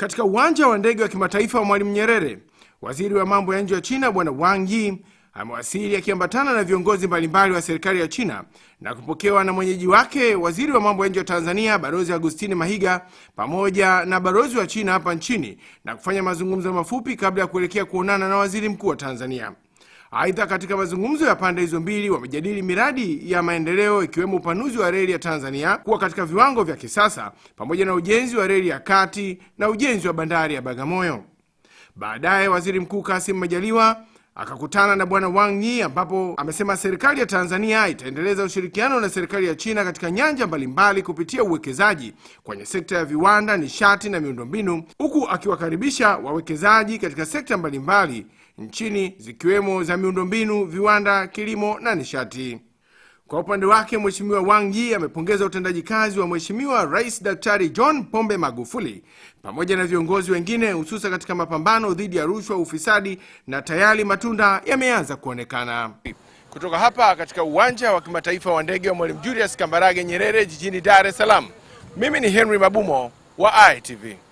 Katika uwanja wa ndege wa kimataifa wa Mwalimu Nyerere, waziri wa mambo ya nje wa China Bwana Wang Yi amewasili akiambatana na viongozi mbalimbali wa serikali ya China na kupokewa na mwenyeji wake waziri wa mambo ya nje wa Tanzania Balozi Agustini Mahiga pamoja na balozi wa China hapa nchini na kufanya mazungumzo mafupi kabla ya kuelekea kuonana na waziri mkuu wa Tanzania. Aidha, katika mazungumzo ya pande hizo mbili wamejadili miradi ya maendeleo ikiwemo upanuzi wa reli ya Tanzania kuwa katika viwango vya kisasa pamoja na ujenzi wa reli ya kati na ujenzi wa bandari ya Bagamoyo. Baadaye Waziri Mkuu Kassim Majaliwa akakutana na Bwana Wang Yi ambapo amesema serikali ya Tanzania itaendeleza ushirikiano na serikali ya China katika nyanja mbalimbali kupitia uwekezaji kwenye sekta ya viwanda, nishati na miundombinu, huku akiwakaribisha wawekezaji katika sekta mbalimbali nchini zikiwemo za miundombinu, viwanda, kilimo na nishati. Kwa upande wake Mheshimiwa Wangi amepongeza utendaji kazi wa Mheshimiwa Rais Daktari John Pombe Magufuli pamoja na viongozi wengine hususa katika mapambano dhidi ya rushwa, ufisadi na tayari matunda yameanza kuonekana. Kutoka hapa katika uwanja wa kimataifa wa ndege wa Mwalimu Julius Kambarage Nyerere jijini Dar es Salaam, mimi ni Henry Mabumo wa ITV.